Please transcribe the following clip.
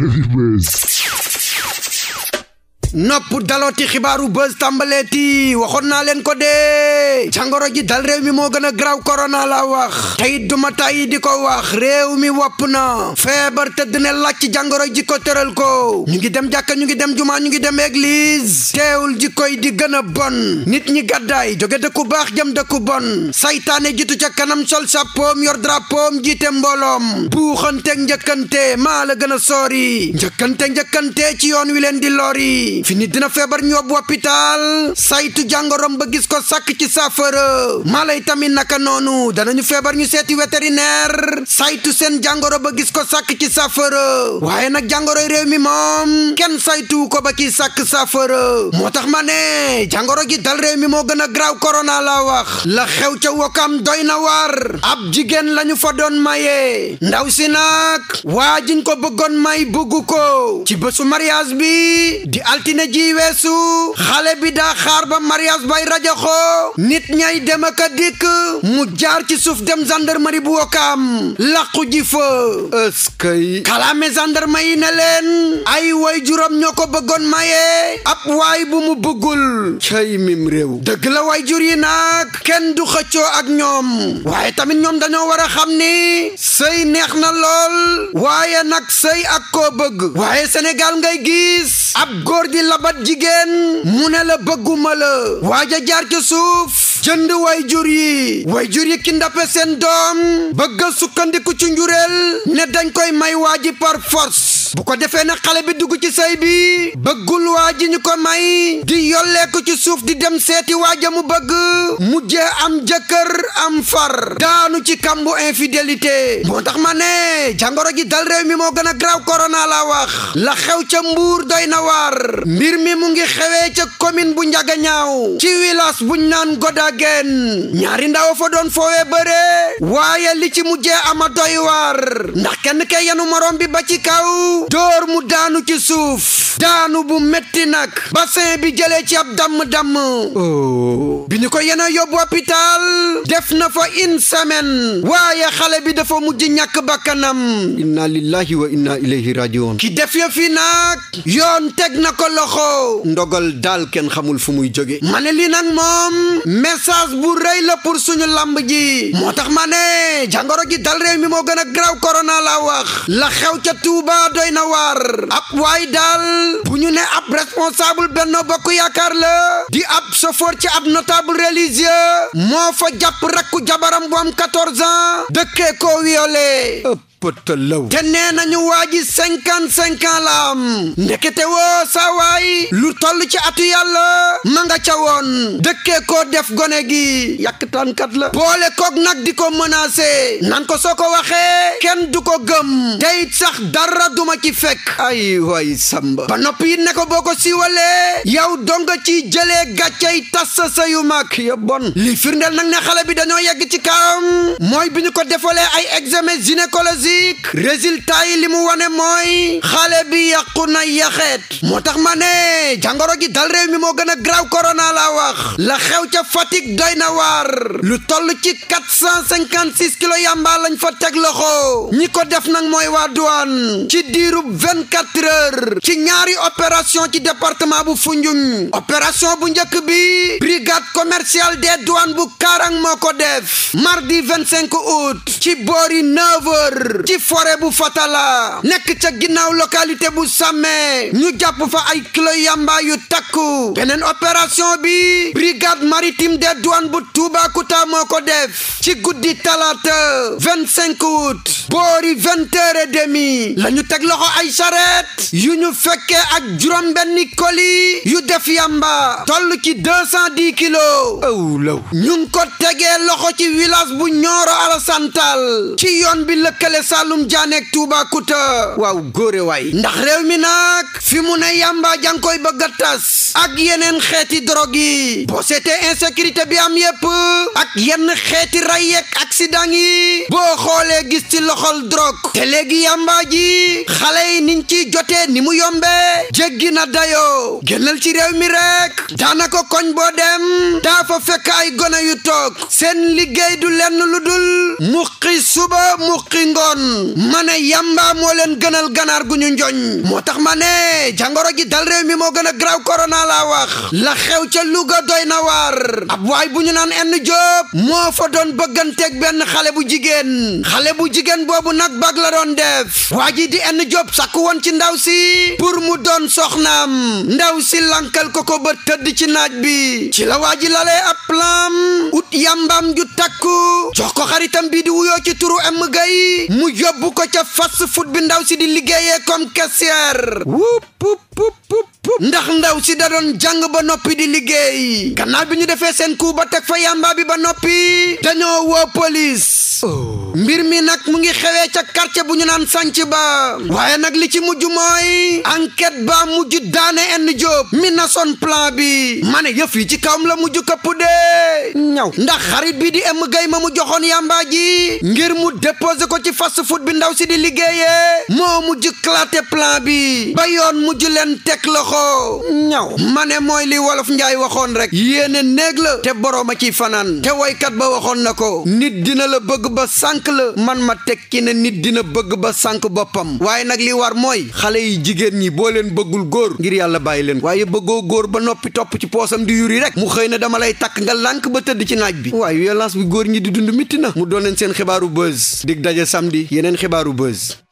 Heavyweight. nopp dalooti xibaaru buzz tàmbaleeti waxoon naa leen ko dee jàngoro ji dal réew mi moo gën a graw korona la wax du duma tàyyi di ko wax réew mi wopp na feebar tëdd ne laaj ci jàngoro ji ko tëral ko ñu ngi dem jàkka ñu ngi dem jumaa ñu ngi dem église teewul ji koy di gën a bon nit ñi gàddaay jóge dëkku baax jëm dëkku bon saytaane jitu ca kanam sol sàppoom yor drapoom jiite mbooloom buuxante njëkkante maa la gën a soori njëkkante njëkkante ci yoon wi leen di lori fi nit dina feebar ñu yóbbu hôpital saytu jàngorom ba gis ko sàkk ci saafara mala yi tamit naka noonu dana ñu feebar ñu seeti vétérinaire saytu seen jàngoro ba gis ko sakk ci saafara waaye nag jàngoroy réew mi moom kenn saytu ko ba ci sàkk saafara moo tax ma ne jàngoro gi dal réew mi moo gën a graaw corona laa wax la xew ca wokam doy na war ab jigéen lañu fa doon maye ndaw si nag waajiñ ko bëggoon may bëggu ko ci bésu mariage bi di altine diina ji weesu xale bi daa xaar ba mariage bay rajaxoo nit ñay dem ak a dikk mu jaar ci suuf dem gendarmerie bu wokkaam làqu ji fa ëskay kalaame gendarme yi ne leen ay way juróom ñoo ko bëggoon maye ab waay bu mu bëggul cay mim réew dëgg way jur yi nag kenn du xëcoo ak ñoom way tamit ñoom dañoo war a xam ni sëy neex na lool waaye nag sëy ak ko bëgg waaye Sénégal ngay gis ab góor di labat jigéen mu ne la bëgguma la waaja jaar ci suuf jënd way jur yi way jur yi ki ndappe seen doom bëgg a sukkandiku ci njureel ne dañ koy may waaji par force bu ko defee nag xale bi dugg ci sëy bi bëggul waa ji ñu ko may di yolleeku ci suuf di dem seeti waaja mu bëgg mujjee am jëkkër am far daanu ci kambu infidélité moo tax ma ne jàngoro ji dal réew mi moo gën a graw korona la wax la xew ca mbuur doy na waar mbir mi mu ngi xewee ca commune bu njagañaaw ci village buñ naan Godagen ñaari ndaw a fa doon foowee bëree waaye li ci mujjee ama doy waar ndax kenn kay yanu morom bi ba ci kaw dóor mu daanu ci suuf daanu bu metti nag bassin bi jëlee ci ab damm-damm oh. bi ñu ko yena yóbbu hôpital def na fa une semaine waaye xale bi dafa mujj ñàkk bakkanam inna lillahi wa inna ilayhi rajiun ki def yo fi nag yoon teg na ko loxo ndogal daal kenn xamul fu muy jóge ma ne li nag moom message bu rëy la pour suñu lamb ji moo tax ma ne jàngoro gi dal réew mi moo gën a graw korona la wax la xew ca Tuuba doy ab waay daal bu ñu ne ab responsable Benno Bokk Yaakaar la di ab chauffeur ci ab notable religieux moo fa jàpp rakku jabaram bu am 14 ans dëkkee ko pëttalaw te nee nañu waa ji cinquante cinq la am ndekete woo saa waay lu toll ci atu yàlla ma nga ca woon dëkkee koo def gone gi yàktaankat la boole koog nag di ko menacé nan ko soo ko waxee kenn du ko gëm teyit sax dara duma ci fekk ay waay samba ba noppi ne ko boo ko siiwalee yow donga ci jëlee gàccey tas sa sëyu ya bon li firndeel ne xale bi dañoo yegg ci kaam mooy bi ñu ko defalee ay examen gynécologie musique résultat yi li mu wane mooy xale bi yàqu na yaxeet moo tax ma ne jàngoro ji dal réew mi moo gën a graw korona la wax la xew ca Fatick doy na waar lu toll ci 456 kilos yamba lañu fa teg loxo ñi ko def nag mooy waa douane ci diiru 24 heures ci ñaari opération ci département bu Foundiougne opération bu njëkk bi brigade commerciale des douanes bu Karang moo ko def mardi 25 ci boori 9 ci forêt bu Fatala nekk ca ginnaaw localité bu Sàmme ñu jàpp fa ay kilo yamba yu takku beneen opération bi brigade maritime des douanes bu Toubacouta moo ko ci guddi talaata vingt cinq août boori vingt heures demi la teg loxo ay saret yu ñu fekkee ak juróom-benni colis yu def yamba toll ci deux cent dix kilos aw law ñu ko tegee loxo ci village bu Nioro Alassane Tall ci yoon bi lëkkale Saloum Diané ak Toubacouta waaw góore waay ndax réew mi nag fi mu ne yamba jang koy bëgg ak yeneen xeeti drogue yi posete insécurité bi am yépp ak yenn xeeti ray yeeg accident yi boo xoolee gis ci loxol drogue te léegi yàmbaa ji xale yi niñ ci jotee ni mu yombee jéggi na dayo génnal ci réew mi rek daanaka koñ boo dem daa fa fekk ay gone yu toog seen liggéey du lenn lu dul muqi suba muqi ngoon ma ne yàmbaa moo leen gënal ganaar gu ñu njoñ moo tax ma ne jàngoro ji dal réew mi moo gën a graw la wax la ca Louga doy na waar ab waay bu ñu naan enn Jóob moo fa doon bëgganteeg benn xale bu jigéen xale bu jigéen boobu nag bag la doon def waa di enn Jóob sakku woon ci ndaw si pour mu doon soxnaam ndaw si lankal ko ko ba tëdd ci naaj bi ci la waa ji lalee ab plan ut yambaam ju takku jox ko xaritam bi di wuyoo ci turu em gay mu yóbbu ko ca fast food bi ndaw si di liggéeye comme caissière wup pup pup pup ndax ndaw si da doon jàng ba noppi di liggéey gannaaw bi ñu defee seen coup ba teg fa yamba bi ba noppi dañoo woo police oh. mbir mi nag mu ngi xewee ca quartier bu ñu naan sànc ba waaye nag li ci mujj mooy enquête ba mujj daane enn Jóob mi na son plan bi ma ne yëf yi ci kawam la mujj këpp dee ñaw ndax xarit bi di em gay ma mu joxoon yàmbaa ji ngir mu déposé ko ci fast food bi ndaw si di liggéeyee moo mujj claté plan bi ba yoon mujj leen teg loxo ñaw ma ne mooy li wolof njaay waxoon rek yéene néeg la te borooma ciy fanaan te woykat ba waxoon na ko nit dina la bëgg ba sànq sànq man ma tekki na nit dina bëgg ba sànq boppam waaye nag li war mooy xale yi jigéen ñi boo leen bëggul góor ngir yàlla bàyyi leen waaye bëggoo góor ba noppi topp ci poosam di yuri rek mu xëy na dama lay takk nga lànk ba tëdd ci naaj bi waaye violence bi góor ñi di dund mitti na mu doon leen seen xibaaru buzz dig daje samedi yeneen xibaaru buzz